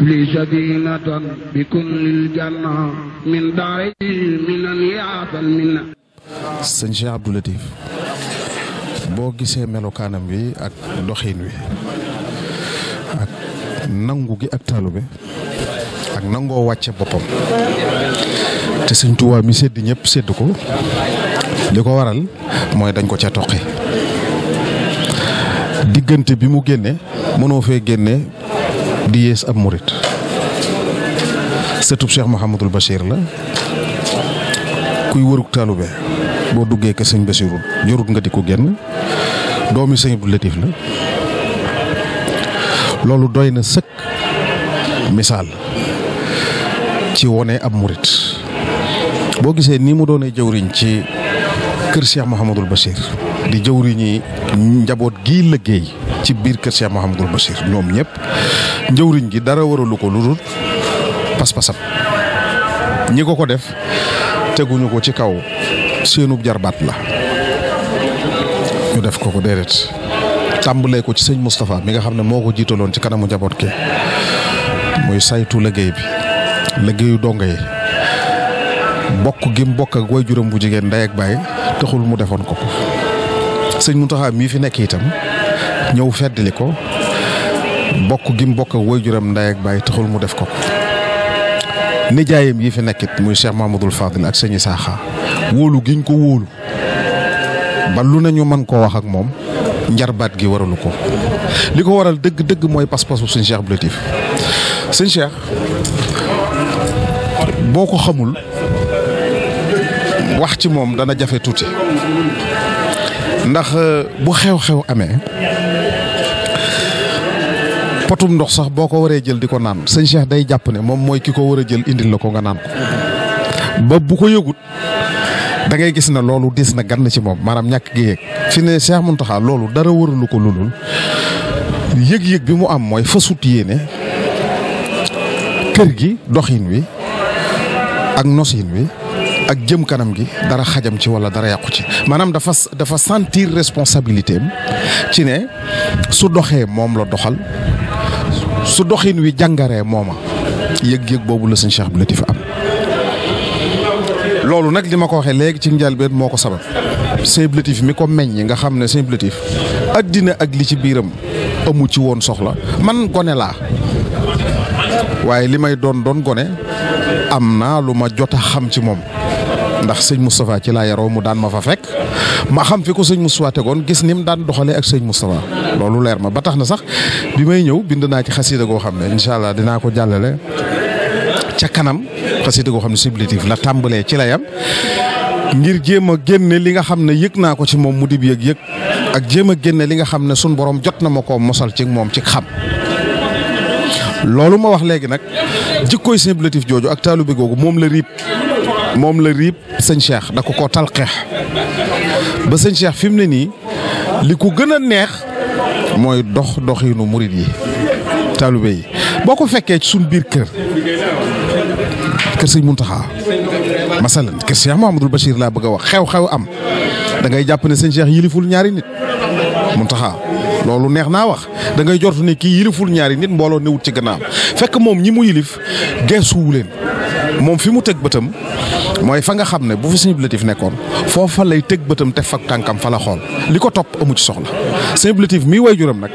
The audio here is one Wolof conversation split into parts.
لي sëñ Cheikh boo gisee melokaanam wi ak doxiin wi ak nangu gi ak bi ak nangoo wàcce boppam te sëñ Tuubaa mi sédd ñëpp sédd ko li ko waral mooy dañ ko ca toqi diggante bi mu génne mënoo fee génne di yées ab murit sëtub Cheikh Mouhamadul Bachir la kuy wërug taalube boo duggee ko sëñ Bachirul jorut nga di ko génn doomi sëñ Abdou Latif la loolu doy na sëkk misaal ci wone ab murit boo gisee nii mu doonee jëwriñ ci kër Cheikh Mouhamadul Bachir di jëwriñi njaboot gii liggéey ci biir kër Cheikh Mouhamadul Bachir ñoom ñëpp njëwriñ gi dara waralu ko lu dul pas-pasam ñi ko ko def teguñu ko ci kaw seenub jarbaat la ñu def ko ko déedéet tàmbalee ko ci sëñ Moustapha mi nga xam ne moo ko jiitaloon ci kanamu njaboot gi muy saytu liggéey bi liggéeyu dongo yi bokk gi mu bokk ak waajuram bu jigéen ndey ak baay taxul mu defoon ko ko sëñ Mountakha mii fi nekk itam ñëw feddali ko bokk gi mu bokk ak waajuram ndey ak baay taxul mu def ko nijaayam yi fi nekkit muy Cheikh Mahmadul Fadil ak sëñ Isaaxa wóolu giñ ko wóolu ba lu nañu mën koo wax ak moom njarbaat gi waralu ko li ko waral dëgg dëgg mooy pas-pasu sëñ Cheikh Abdou Latif sëñ Cheikh boo ko xamul wax ci moom dana jafe tuuti ndax bu xew-xew amee potum ndox sax boo ko waree jël di ko naan sëñ Cheikh day jàpp ne moom mooy ki ko war a jël indil la ko nga naan ko ba bu ko yëgut dangay gis ne loolu dis na gan ci moom maanaam ñàkk gi yëg fi ne Cheikh Mountakha loolu dara waralu ko lu lulul yëg-yëg bi mu am mooy fasut yéene kër gi doxin wi ak nosin wi ak jëm kanam gi dara xajam ci walla dara yàqu ci maanaam dafa dafa sentir responsabilité ci ne su doxee moom la doxal su doxin wi jàngaree mooma yëg-yëg boobu la sëñ Cheikh Abdou Latif am loolu nag li ma ko waxee léegi ci njëlbeen moo ko sabab sëñ Abdou mi ko meññ nga xam ne sëñ Abdou Latif addina ak li ci biiram amu ci woon soxla man gone laa waaye li may doon doon gone am naa lu ma jot a xam ci moom ndax sëñ Moustapha ci laa yaroo mu daan ma fa fekk ma xam fi ko sëñ Moustapha tegoon gis ni mu daan doxalee ak sëñ Moustapha loolu leer ma ba tax na sax bi may ñëw bind naa ci xasida goo xam ne incha allah dinaa ko jàllale ca kanam xasida goo xam ne sublétif la tàmbalee ci la yam ngir jéem a génne li nga xam ne yëg naa ko ci moom mu dib yëg-yëg ak jéem a génne li nga xam ne sun borom jot na ma koo mosal ci moom ci xam loolu ma wax léegi nag jikkooy sublétif jooju ak taalu bi googu moom la riib moom la riib sëñ Cheikh da ko koo talqeex ba sëñ Cheikh fi mu ne nii li ko gën a neex mooy dox doxinu murit yi taalube yi boo ko fekkee ci suñ biir kër kër sëñ mun Muntaxa masalan kër Cheikh Mouhamadul Bachir laa bëgg a wax xew-xew am dangay jàpp ne sëñ Cheikh yiliful ñaari nit mun Muntaxa loolu neex naa wax dangay ngay jortu ne kii yiliful ñaari nit mbooloo newut ci gannaaw fekk moom ñi mu yilif geesuwu leen moom fi mu teg bëtam mooy fa nga xam ne bu fa sëñ nekkoon foofa lay teg bëtam te fak tànkam fa la xool li ko topp amu ci soxla sëñ Abdou Latif juróom waajuram nag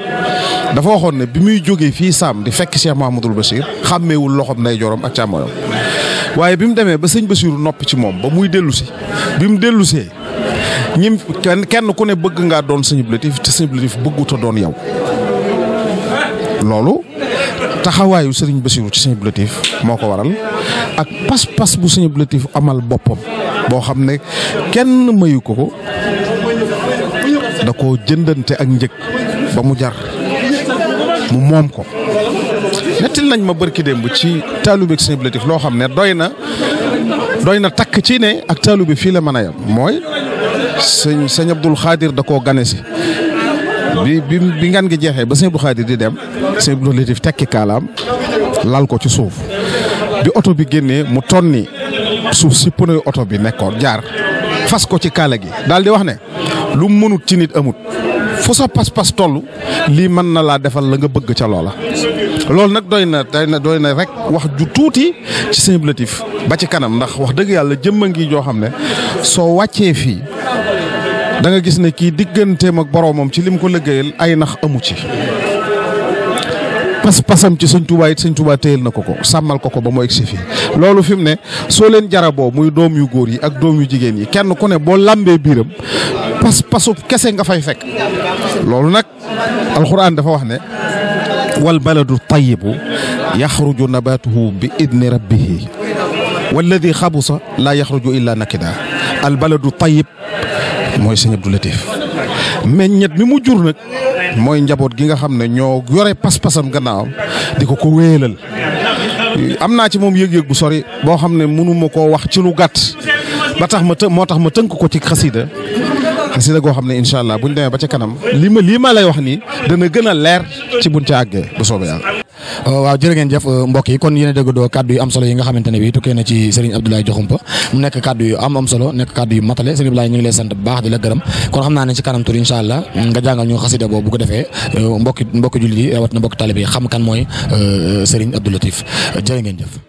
dafa waxoon ne bi muy jógee fii saam di fekk Cheikh Mahamadul Bachir xàmmewul loxoom nday jorom ak càmmoñam waaye bi mu demee ba sëñ Bachir noppi ci moom ba muy dellu si bi mu dellu see ñim kenn ku ne bëgg ngaa doon sëñ Abdou Latif te sëñ Abdou Latif bëgguta doon yow loolu taxawaayu sëriñ Basiru ci sëñ moo ko waral ak pas-pas bu Sëñ Abdou Latif amal boppam boo xam ne kenn mayu ko ko da koo jëndante ak njëg ba mu jar mu moom ko nettil nañ ma bërki démb ci taalubeeg Sëñ Abdou loo xam ne doy na doy na takk ci ne ak taalube fii la mën a yam mooy sëñ sëñ Abdul Xaadir da koo gane si bi bi bi ngan gi jeexee ba sëñ Abdul Xaadir di dem sëñ Abdou Latif tekki kaalaam lal ko ci suuf bi oto bi génnee mu tonni suuf si pneu oto bi nekkoon jaar fas ko ci kaala gi daal wax ne lu mënut ci nit amut fu sa pas-pas toll lii mën na laa defal la nga bëgg ca loola. loolu nag doy na doy na doy na rek wax ju tuuti ci Sëñ Latif ba ci kanam ndax wax dëgg yàlla jëmma ngi joo xam ne soo wàccee fii danga gis ne kii digganteem ak boroomam ci li mu ko liggéeyal ay nax amu ci. pas-pasam ci sëñ Tuubaa it sëñ Tuubaa na ko ko sàmmal ko ko ba mu egsi fii loolu fi mu ne soo leen jaraboo muy doom yu góor yi ak doom yu jigéen yi kenn ko ne boo làmbee biiram pas-pasu kese nga fay fekk loolu nag alxuraan dafa wax ne wal baladu tayibu yaxruju nabatuhu bi idni rabbihi walladi xabusa laa yaxruju illa nakida al baladu tayib mooy sëñ du Latif meññet mi mu jur nag mooy njaboot gi nga xam ne ñoo yore pas-pasam gannaaw di ko ko wéelal am naa ci moom yëg-yëg bu sori boo xam ne mënuma koo wax ci lu gàtt ba tax ma të moo tax ma tënk ko ci xasida xasida goo xam ne incha allah buñ demee ba ca kanam li ma lii ma lay wax nii dana gën a leer ci buñ ca àggee bu soobee yàlla Euh, waaw jërë ngeen jëf euh, mbokk yi kon yéen a déggoo kàddu yu am solo yi nga xamante ne bi tukkee na ci Serigne Abdoulaye Diakhoumpa mu nekk kàddu yu am am solo nekk kàddu yu matale Serigne Abdoulaye ñu ngi lay sant bu baax di la gërëm kon xam naa ne ci kanam tur incha allah nga jàngal ñu xasida boobu bu ko defee euh, mbokki mbokki jullit yi rawat na mbokki talib yi xam kan mooy Serigne Abdou Latif jërë ngeen jëf